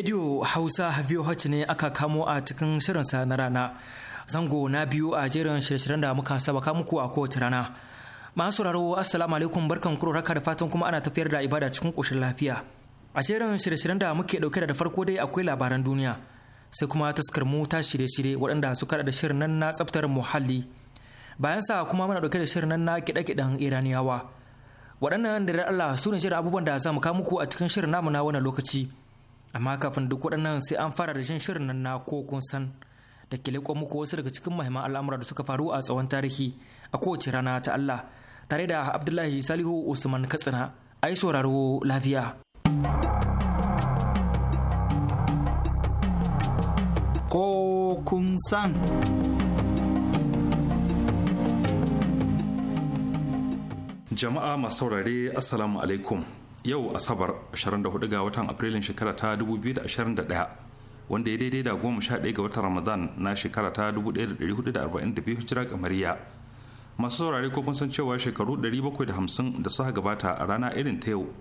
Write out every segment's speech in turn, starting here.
Radio Hausa VOH ne aka kamo a cikin shirinsa na rana. Zango na biyu a jerin shirye da muka saba muku a kowace rana. Masu sauraro Assalamu alaikum barkan kuro raka da fatan kuma ana tafiyar da ibada cikin ƙoshin lafiya. A jerin shirye-shiryen da muke dauke da farko dai akwai labaran duniya. Sai kuma taskar mu ta shirye-shirye waɗanda su kaɗa da shirin nan na tsaftar muhalli. Bayan sa kuma muna ɗauke da shirin nan na kiɗe-kiɗen Iraniyawa. Waɗannan da Allah su ne shirin abubuwan da za mu kawo muku a cikin shirin namu na wannan lokaci. amma kafin duk waɗannan sai an fara da shan shirin nan na ko kun san da ke leƙo muku wasu daga cikin mahimman al'amura da suka faru a tsawon tarihi a kowace rana ta Allah tare da Abdullahi Salihu Usman Katsina ai sauraro lafiya. Ko kun san. Jama'a masaurare, saurare Assalamu alaikum. yau asabar 24 ga watan afrilun shekara ta 2021 wanda ya daidai da 11 ga watan ramadan na shekara ta 1442 hijira kamariya masu saurare ko kun san cewa shekaru 750 da suka gabata a rana irin ta yau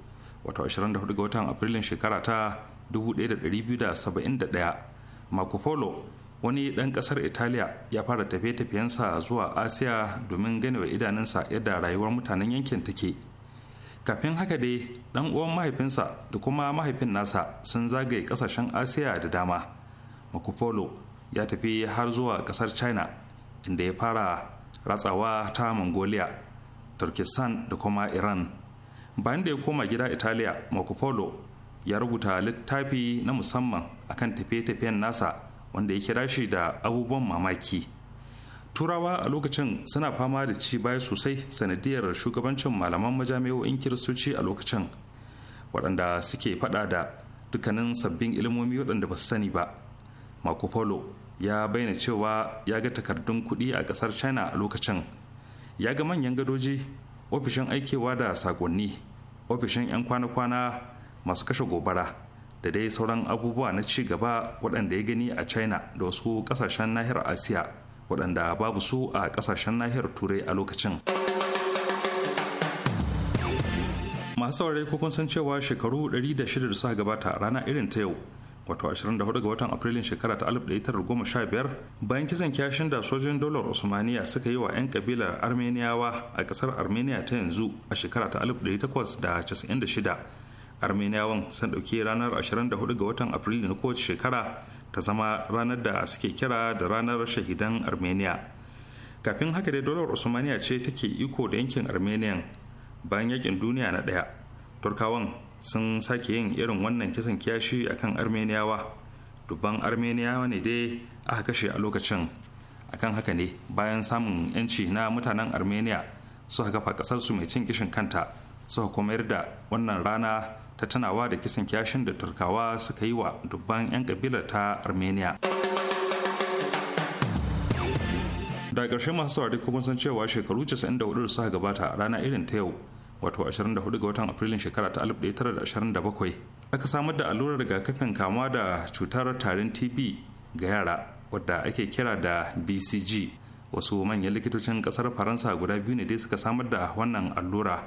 wato 24 ga watan afrilun shekara ta 1271 marco polo wani ɗan ƙasar italiya ya fara tafiye-tafiyensa zuwa asiya domin ganewa idanunsa yadda rayuwar mutanen yankin take kafin haka dai dan uwan mahaifinsa da kuma mahaifin nasa sun zagaye kasashen asiya da dama makufolo ya tafi har zuwa kasar china inda ya fara ratsawa ta mongolia turkistan da kuma iran bayan da ya koma gida italiya makufolo ya rubuta littafi na musamman akan tafiye-tafiyen nasa wanda ya kira shi da abubuwan mamaki turawa a lokacin suna fama da ci baya sosai sanadiyar shugabancin malaman majami'o'in kiristoci a lokacin waɗanda suke faɗa da dukkanin sabbin ilimomi waɗanda ba su sani ba marco polo ya bayyana cewa ya ga takardun kuɗi a ƙasar china a lokacin ya ga manyan gadoji ofishin aikewa da sakonni ofishin 'yan kwana-kwana masu kashe gobara da dai sauran abubuwa na ci gaba waɗanda ya gani a china da wasu ƙasashen nahiyar asiya waɗanda babu su a ƙasashen nahiyar turai a lokacin masu saurari ko kun san cewa shekaru 106 da suka gabata rana irin ta yau wato 24 ga watan afrilun shekara ta 1915 bayan kisan kyashin da sojin dolar osmaniya suka yi wa 'yan kabilar armeniyawa a kasar armenia ta yanzu a shekara ta 1896 armeniyawan sun ɗauki ranar 24 ga watan afrilun kowace shekara ta zama ranar da suke kira da ranar shahidan armenia kafin haka dai dolar usmaniya ce take iko da yankin armenian bayan yakin duniya na ɗaya turkawan sun sake yin irin wannan kisan kiyashi akan armeniyawa dubban armeniyawa ne dai aka kashe a lokacin akan haka ne bayan samun yanci na mutanen armenia suka kafa ƙasarsu mai cin kishin kanta suka kuma da wannan rana ta tunawa da kisan kyashin da turkawa suka yi wa dubban 'yan kabilar ta armenia da ƙarshe masu saurari kuma san cewa shekaru 94 da suka gabata rana irin ta yau wato 24 ga watan afrilun shekara ta 1927 aka samar da allurar rigakafin kama da cutar tarin tb ga yara wadda ake kira da bcg wasu manyan likitocin kasar faransa guda biyu ne dai suka samar da wannan allura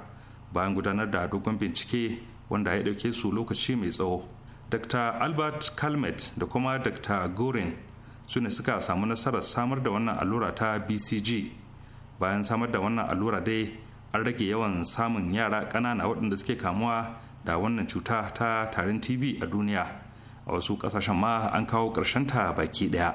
bayan gudanar da dogon bincike wanda ya ɗauke su lokaci mai tsawo dr albert kalmet da kuma dr gorin su ne suka samu nasarar samar da wannan allura ta bcg bayan samar da wannan allura dai an rage yawan samun yara ƙanana waɗanda suke kamuwa da wannan cuta ta tarin tb a duniya a wasu ƙasashen ma an kawo ƙarshen ta baki ɗaya.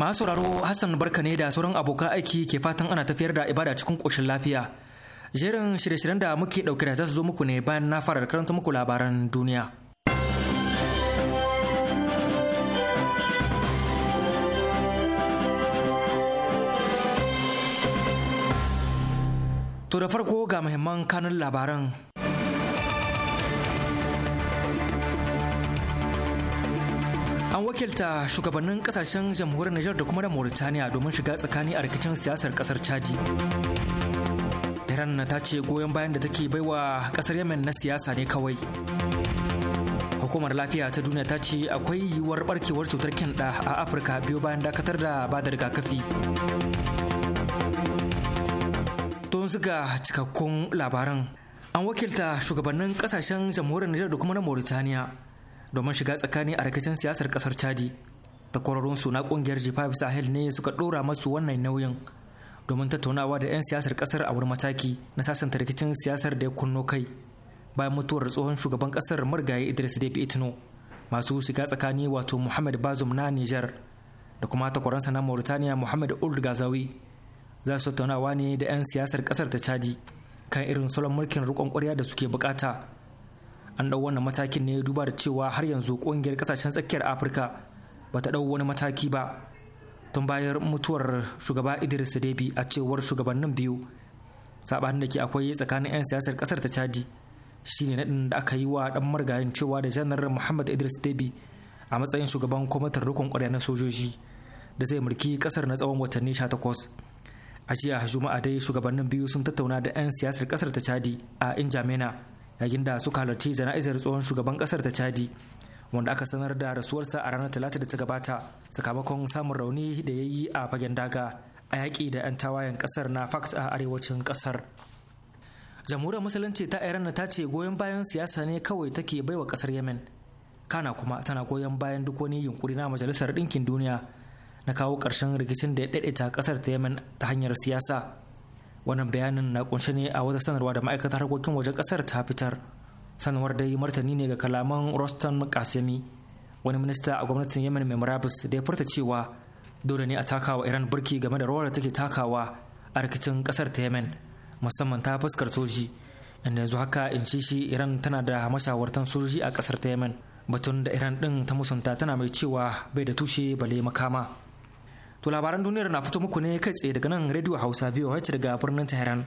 masu sauraro hassan barka ne da sauran abokan aiki ke fatan ana tafiyar da ibada cikin koshin lafiya jerin shirye-shiryen da muke ɗauke da za su zo muku ne bayan na fara karanta muku labaran duniya to da farko ga muhimman kanun labaran An wakilta shugabannin kasashen jamhuriyar Nijar da kuma da Mauritaniya domin shiga tsakani a rikicin siyasar kasar Chadi. Iran ta ce goyon bayan da take baiwa kasar Yemen na siyasa ne kawai. Hukumar lafiya ta duniya ta ce akwai yiwuwar barkewar cutar da a Afirka biyo bayan dakatar da ba da rigakafi. Don ziga cikakkun labaran an wakilta shugabannin kasashen jamhuriyar Nijar da kuma na Mauritaniya domin shiga tsakani a rikicin siyasar kasar chadi takwarorinsu na kungiyar g5 sahel ne suka dora masu wannan nauyin domin tattaunawa da 'yan siyasar kasar a wani mataki na sasanta rikicin siyasar da ya kunno kai bayan mutuwar tsohon shugaban kasar marigayi idris debi itno masu shiga tsakani wato muhammad bazum na niger da kuma takwaransa na mauritania muhammad old gazawi za su tattaunawa ne da 'yan siyasar kasar ta chadi kan irin salon mulkin riƙon ƙwarya da suke bukata an ɗau wannan matakin ne duba da cewa har yanzu ƙungiyar ƙasashen tsakiyar afirka ba ta ɗau wani mataki ba tun bayan mutuwar shugaba idris debi a cewar shugabannin biyu saɓanin da ke akwai tsakanin 'yan siyasar ƙasar ta chadi shine naɗin da aka yi wa ɗan margayin cewa da janar muhammad idris debi a matsayin shugaban kwamitin rukun ƙwarya na sojoji da zai mulki ƙasar na tsawon watanni 18 a jiya juma'a dai shugabannin biyu sun tattauna da 'yan siyasar ƙasar ta chadi a injamena yayin da suka halarci jana'izar tsohon shugaban kasar ta chadi wanda aka sanar da rasuwarsa a ranar talata da ta gabata sakamakon samun rauni da ya yi a fagen daga a yaƙi da 'yan tawayen kasar na fax a arewacin kasar jamhuriyar musulunci ta iran ta ce goyon bayan siyasa ne kawai take baiwa kasar yemen kana kuma tana goyon bayan duk wani yunkuri na majalisar ɗinkin duniya na kawo ƙarshen rikicin da ya ta kasar ta yemen ta hanyar siyasa wannan bayanin na kunshe ne a wata sanarwa da ma'aikatar harkokin wajen kasar ta fitar sanarwar dai martani ne ga kalaman rostan kasemi wani minista a gwamnatin yemen mai murabus da ya furta cewa dole ne a takawa iran burki game da rawar da take takawa a rikicin kasar ta yemen musamman ta fuskar soji inda yanzu haka in ci shi iran tana da mashawartan soji a kasar ta yemen batun da iran din ta musunta tana mai cewa bai da tushe bale makama To labaran duniyar na fito muku ne kai tsaye daga nan Radio Hausa VOH daga birnin Tehran.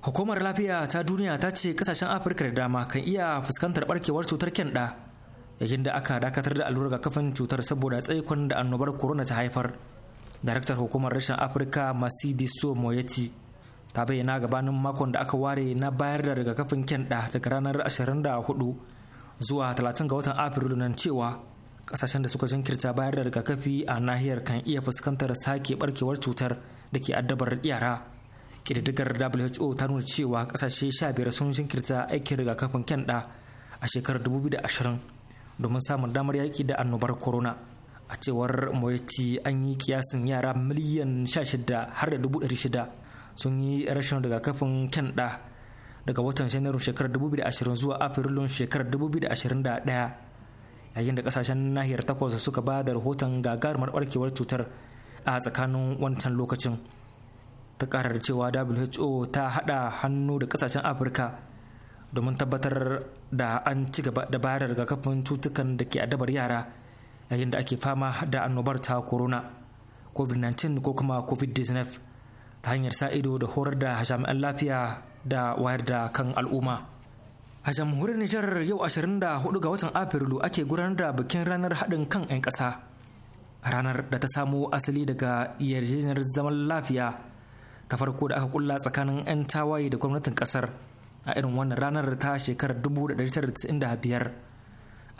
Hukumar lafiya ta duniya ta ce kasashen Afirka da dama kan iya fuskantar barkewar cutar kyanda yayin da aka dakatar da allurar kafin cutar saboda tsaikon da annobar corona ta haifar. Daraktar hukumar rashin Afirka Masidiso Moyeti ta bayyana gabanin makon da aka ware na bayar da rigakafin kyanda daga ranar 24 zuwa 30 ga watan Afrilu nan cewa kasashen da suka jinkirta bayar da rigakafi a nahiyar kan iya fuskantar sake barkewar cutar da ke addabar yara kididdigar who ta nuna cewa kasashe 15 sun jinkirta aikin rigakafin kyanda a shekarar 2020 domin samun damar yaki da annobar corona a cewar moyeti an yi kiyasin yara miliyan 16 har da 600 sun yi rashin rigakafin kyanda daga watan janairun shekarar 2020 zuwa afrilun shekarar 2021 yayin da kasashen nahiyar takwas suka ba da rahoton gagarumar barkewar cutar a tsakanin wancan lokacin ta karar cewa who ta hada hannu da kasashen afirka domin tabbatar da an ci gaba da bayar da rigakafin cutukan da ke adabar yara yayin da ake fama da annobar ta corona covid-19 ko kuma covid-19 ta hanyar sa ido da horar da jami'an lafiya da wayar da kan al'umma. A jamhuriyar Nijar yau 24 ga watan Afrilu ake gudanar da bikin ranar haɗin kan 'yan ƙasa. Ranar da ta samo asali daga yarjejeniyar zaman lafiya ta farko da aka kulla tsakanin 'yan tawaye da gwamnatin ƙasar a irin wannan ranar ta shekarar 1995.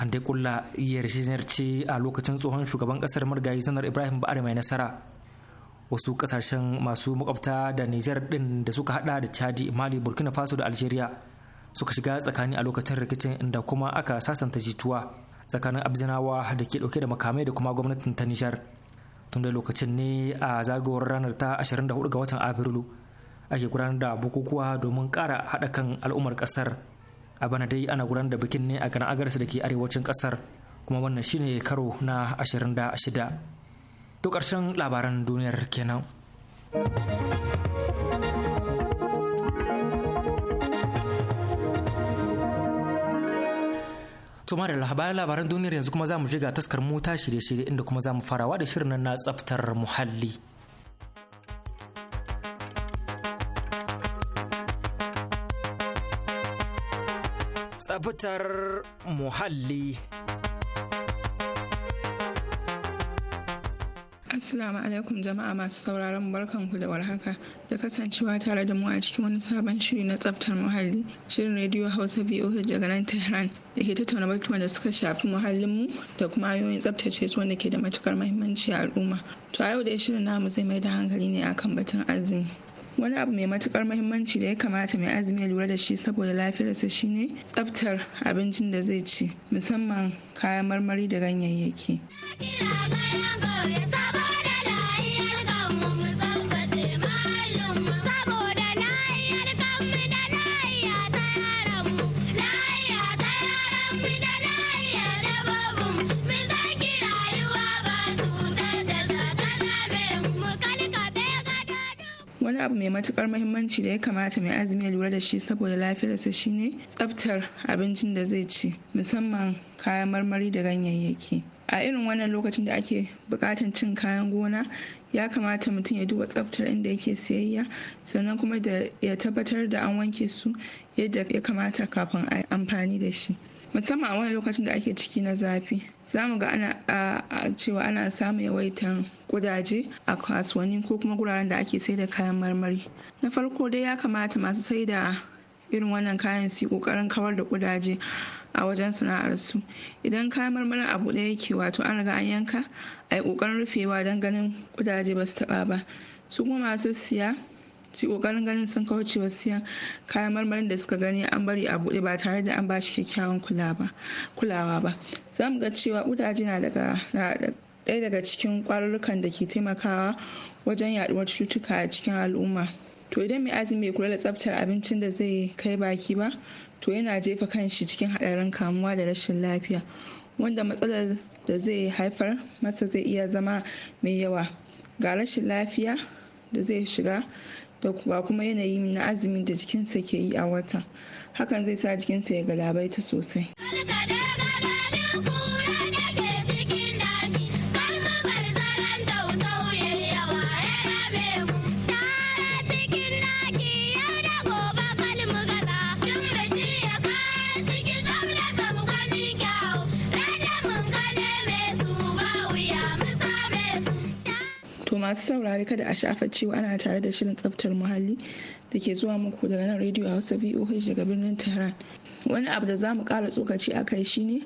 An dai kulla yarjejeniyar ce a lokacin tsohon shugaban ƙasar Margayi Zanar Ibrahim Ba'ar mai nasara. Wasu ƙasashen masu makwabta da Nijar ɗin da suka haɗa da Chadi, Mali, Burkina Faso da Algeria suka shiga tsakani a lokacin rikicin inda kuma aka sasanta jituwa tsakanin abzinawa da ke dauke da makamai da kuma gwamnatin ta nishar tun da lokacin ne a zagawar ranar ta 24 ga watan afrilu ake gudanar da bukukuwa domin kara haɗa kan al'ummar ƙasar a bana dai ana gudanar da bikin ne a garin agarsa da ke arewacin ƙasar kuma wannan shine karo na 26 to ƙarshen labaran duniyar kenan. to mara bayan labaran duniyar yanzu kuma za mu ga taskar mu shirye-shirye inda kuma za mu farawa da shirin na tsaftar muhalli tsaftar muhalli Assalamu alaikum jama'a masu sauraron barkan ku da warhaka da kasancewa tare da mu a cikin wani sabon shiri na tsaftar muhalli shirin rediyo Hausa O daga nan Tehran da ke tattauna batuwan da suka shafi muhallin mu da kuma hanyoyin tsaftace su wanda ke da matukar muhimmanci a al'umma. To a yau da shirin namu zai mai da hankali ne akan batun azumi. wani abu mai matukar mahimmanci da ya kamata mai azumi ya lura da shi saboda lafiyarsa ne tsaftar abincin da zai ci musamman kayan marmari da ganyayyaki. wani abu mai matukar mahimmanci da ya kamata mai azumi ya lura da shi saboda lafiyarsa shine tsaftar abincin da zai ci musamman kayan marmari da ganyayyaki a irin wannan lokacin da ake bukatan cin kayan gona ya kamata mutum ya duba tsaftar inda yake siyayya sannan kuma da ya tabbatar da an wanke su yadda ya kamata kafin a amfani da shi musamman a wani lokacin da ake ciki na zafi za mu ga ana cewa ana samun yawaitan kudaje a kasuwanni ko kuma guraren da ake sai da kayan marmari na farko dai ya kamata masu saida irin wannan kayan su kokarin kawar da kudaje a wajen sana'arsu idan kayan marmarin abu ɗaya yake wato an riga an yanka a yi kokarin rufewa don ganin kudaje ba su taɓa ba su kuma masu siya ci kokarin ganin sun kauce wa siyan kayan marmarin da suka gani an bari a buɗe ba tare da an ba shi kyakkyawan kulawa ba za mu ga cewa ƙudaje na daga ɗaya daga cikin ƙwarurrukan da ke taimakawa wajen yaɗuwar cututtuka a cikin al'umma to idan mai azumi bai kula da tsaftar abincin da zai kai baki ba to yana jefa kanshi cikin haɗarin kamuwa da rashin lafiya wanda matsalar da zai haifar masa zai iya zama mai yawa ga rashin lafiya da zai shiga da kuma yanayi na azumin da jikinsa ke yi a wata hakan zai sa jikinsa ya galabaita sosai. masu saurari kada a shafa cewa ana tare da shirin tsaftar muhalli da ke zuwa muku daga nan rediyo hausa voh daga birnin tehran wani abu da za mu kara tsokaci a kai shine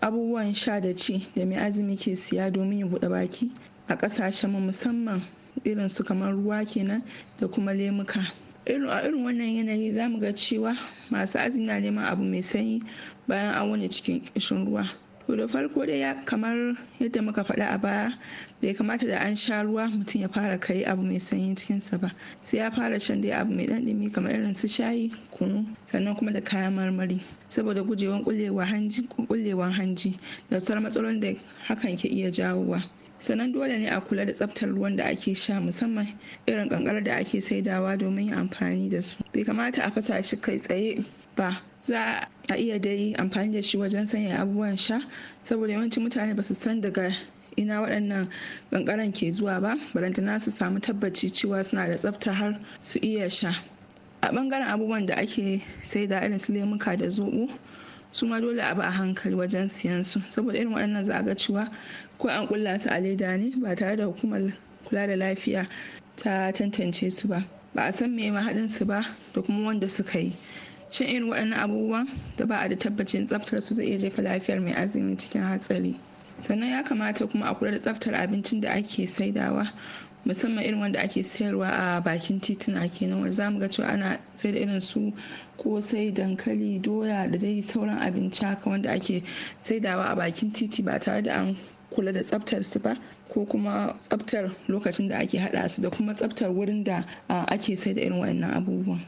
abubuwan sha da ci da mai azumi ke siya domin ya buɗe baki a ƙasashen mu musamman irin su kamar ruwa kenan da kuma lemuka irin a irin wannan yanayi za mu ga cewa masu azumi na neman abu mai sanyi bayan an wani cikin ƙishin ruwa to da farko dai ya kamar yadda muka faɗa a baya bai kamata da an sha ruwa mutum ya fara kai abu mai sanyi cikinsa ba sai ya fara shan dai abu mai ɗanɗimi kamar irin su shayi kunu sannan kuma da kayan marmari saboda gujewan kullewan hanji da sauran matsalolin da hakan ke iya jawowa sannan dole ne a kula da tsaftar ruwan da ake sha musamman irin kankarar da ake saidawa domin yin amfani da su bai kamata a fasa shi kai tsaye ba za a iya dai amfani da shi wajen sanya abubuwan sha saboda yawancin mutane ba su san daga ina waɗannan ƙanƙaran ke zuwa ba barantana su samu tabbaci cewa suna da tsafta har su iya sha a ɓangaren abubuwan da ake sai da irin su lemuka da zoɓo su ma dole a ba a hankali wajen siyan su saboda irin waɗannan za a ga cewa ko an ƙulla su a leda ne ba tare da hukumar kula da lafiya ta tantance su ba ba a san me mahaɗin su ba da kuma wanda suka yi shin irin waɗannan abubuwan da ba a da tabbacin tsaftar su zai iya jefa lafiyar mai azumi cikin hatsari sannan ya kamata kuma a kula da tsaftar abincin da ake saidawa musamman irin wanda ake sayarwa a bakin titina kenan wanda mu ga cewa ana sai da irin su kosai dankali doya da dai sauran abinci haka wanda ake saidawa a bakin titi ba tare da an kula da tsaftar su ba ko kuma tsaftar lokacin da ake haɗa su da kuma tsaftar wurin da ake sai da irin wannan abubuwan.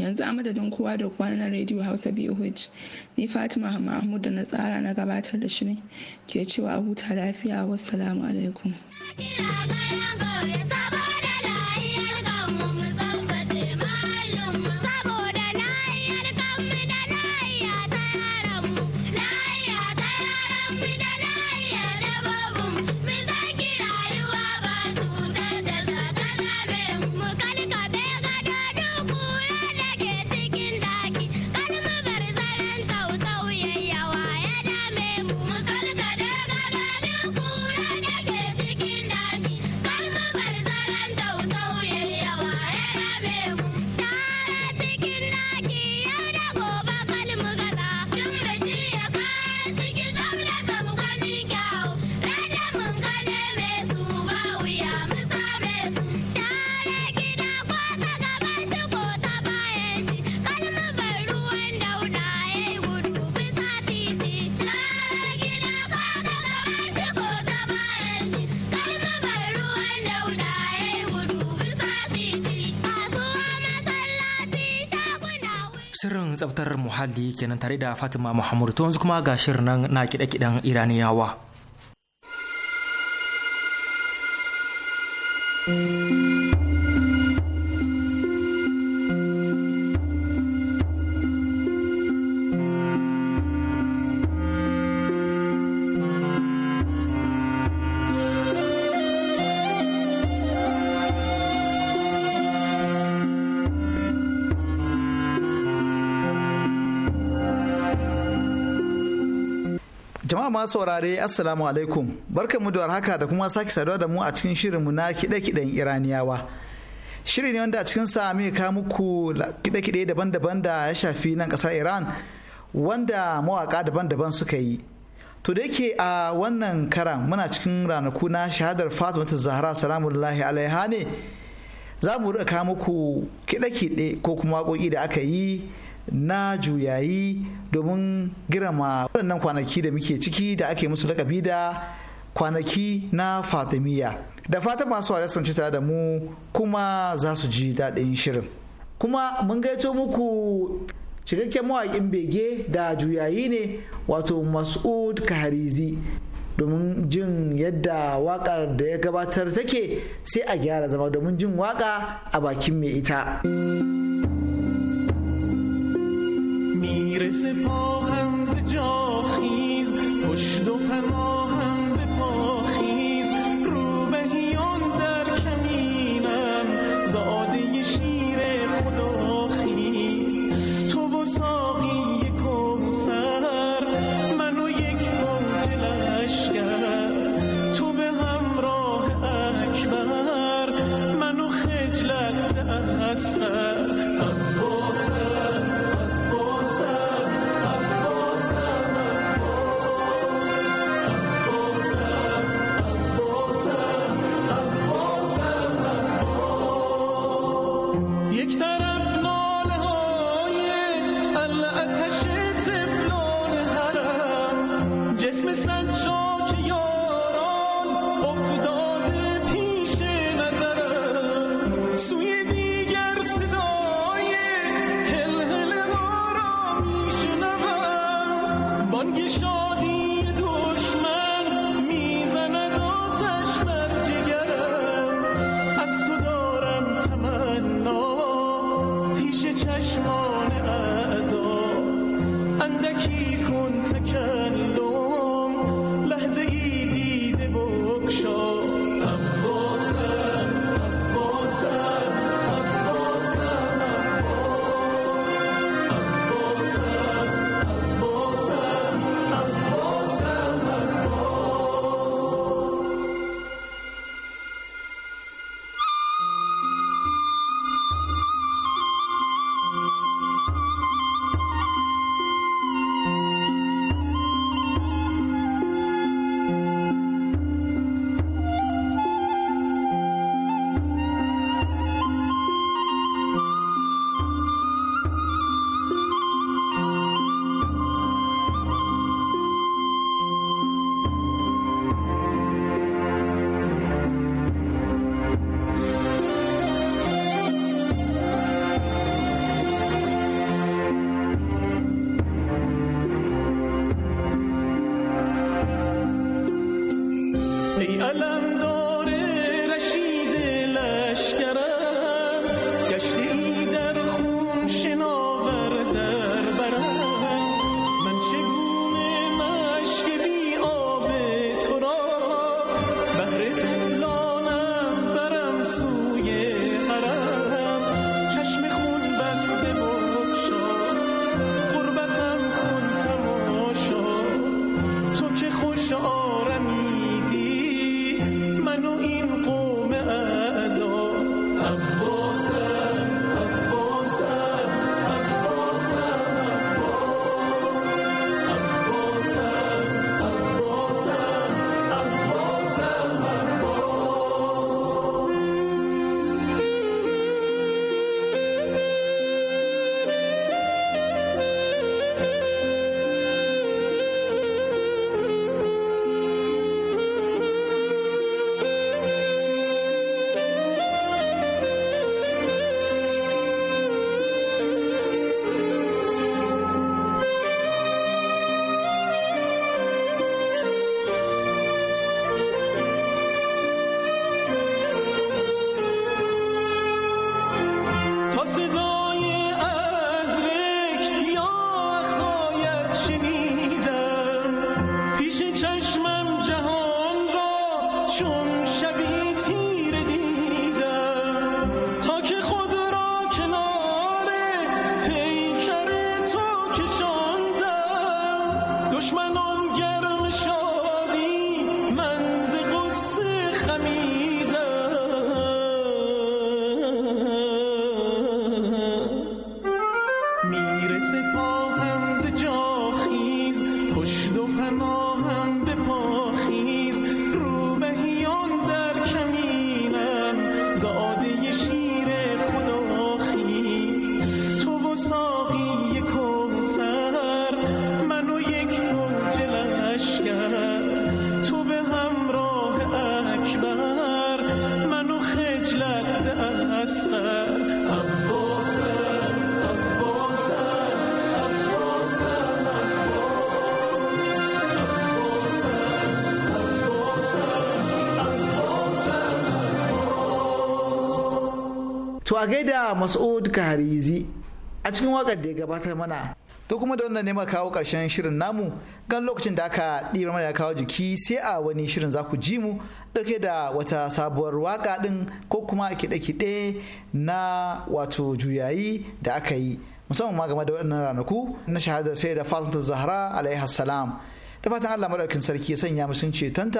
yanzu a madadin kowa da kwanan rediyo hausa boh ni fatima mahmud da na tsara na gabatar da shirin ke cewa huta lafiya wassalamu alaikum tsaftar muhalli kenan tare da Fatima Muhammadu to yanzu kuma ga shirin nan na kiɗe-kiɗen Iraniyawa. jama'a saurare assalamu alaikum barkanmu da warhaka da kuma sake saduwa da mu a cikin shirinmu na kiɗe kiden iraniyawa shiri ne wanda a cikin sa muke kawo muku kiɗe-kiɗe daban-daban da ya shafi nan ƙasar iran wanda mawaka daban-daban suka yi to da yake a wannan karan muna cikin ranaku na shahadar fatimata zahra salamullahi alaiha ne za mu rika muku kiɗe-kiɗe ko kuma waƙoƙi da aka yi na juyayi domin girma waɗannan kwanaki da muke ciki da ake musu lakabi da kwanaki na fatimiyya da fata masu ware sun tare da mu kuma za su ji daɗin shirin kuma mun gaito muku cikakken mawaƙin bege da juyayi ne wato mas'ud kaharizi domin jin yadda waƙar da ya gabatar take sai a gyara zama domin jin waƙa a bakin mai ita. میرسه پاهم ز جاخیز پشت و پناه a gaida Mas'ud Kaharizi a cikin wakar da ya gabatar mana. To kuma da wannan nema kawo ƙarshen shirin namu gan lokacin da aka ɗira mana ya kawo jiki sai a wani shirin za ku ji mu ɗauke da wata sabuwar waka ɗin ko kuma kiɗe-kiɗe na wato juyayi da aka yi musamman ma game da waɗannan ranaku na shahadar sai da fatan zahra alaihi salam da fatan allah maɗaukin sarki ya sanya musun sun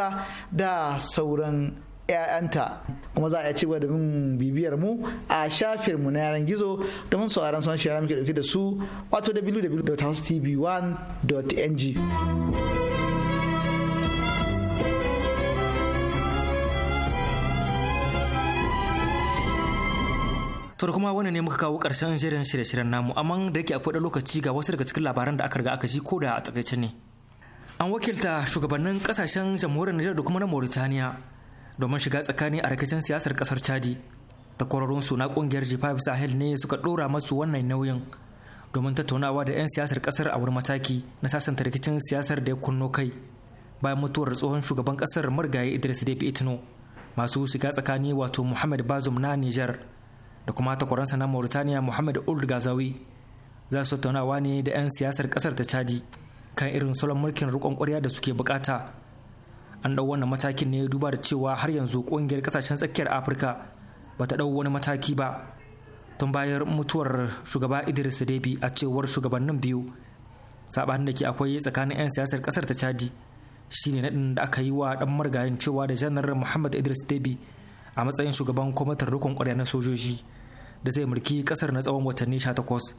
da sauran 'ya'yanta kuma za a iya cigaba da bin bibiyar mu a shafin mu na yaran gizo domin sauran son shirya muke dauke da su wato www.housetv1.ng to kuma wannan ne muka kawo karshen shirin shirye-shiryen namu amma da yake akwai lokaci ga wasu daga cikin labaran da aka riga aka ji ko da a takaice ne an wakilta shugabannin kasashen jamhuriyar Nijar da kuma na Mauritania domin shiga tsakani a rikicin siyasar kasar chadi ta takwarorinsu suna kungiyar g5 sahel ne suka dora masu wannan nauyin domin tattaunawa da 'yan siyasar kasar a wani mataki na sasanta rikicin siyasar da ya kunno kai bayan mutuwar tsohon shugaban kasar murgaye idris debi itno masu shiga tsakani wato muhammad bazum na niger da kuma takwaransa na mauritania muhammad old gazawi za su tattaunawa ne da 'yan siyasar kasar ta chadi kan irin salon mulkin rikon kwarya da suke bukata an ɗau wannan matakin ne duba da cewa har yanzu ƙungiyar ƙasashen tsakiyar afirka ba ta ɗau wani mataki ba tun bayan mutuwar shugaba idris debi a cewar shugabannin biyu saɓanin da ke akwai tsakanin 'yan siyasar ƙasar ta chadi shine naɗin da aka yi wa ɗan margayin cewa da janar muhammad idris debi a matsayin shugaban kwamitin rukun ƙwarya na sojoji da zai mulki ƙasar na tsawon watanni 18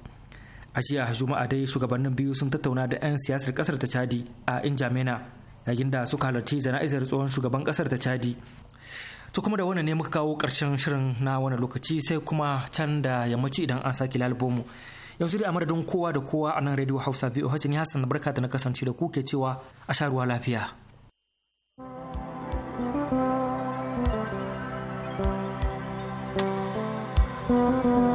a jiya juma'a dai shugabannin biyu sun tattauna da 'yan siyasar ƙasar ta chadi a injamena yayin da suka halarci jana'izar tsohon shugaban kasar ta chadi to kuma da wannan ne muka kawo karshen shirin na wannan lokaci sai kuma can da yammaci idan an sake lalbomu yanzu dai a madadin kowa da kowa a nan radio hausa voh ne hassan barka da na kasance da ku ke cewa a sha ruwa lafiya thank you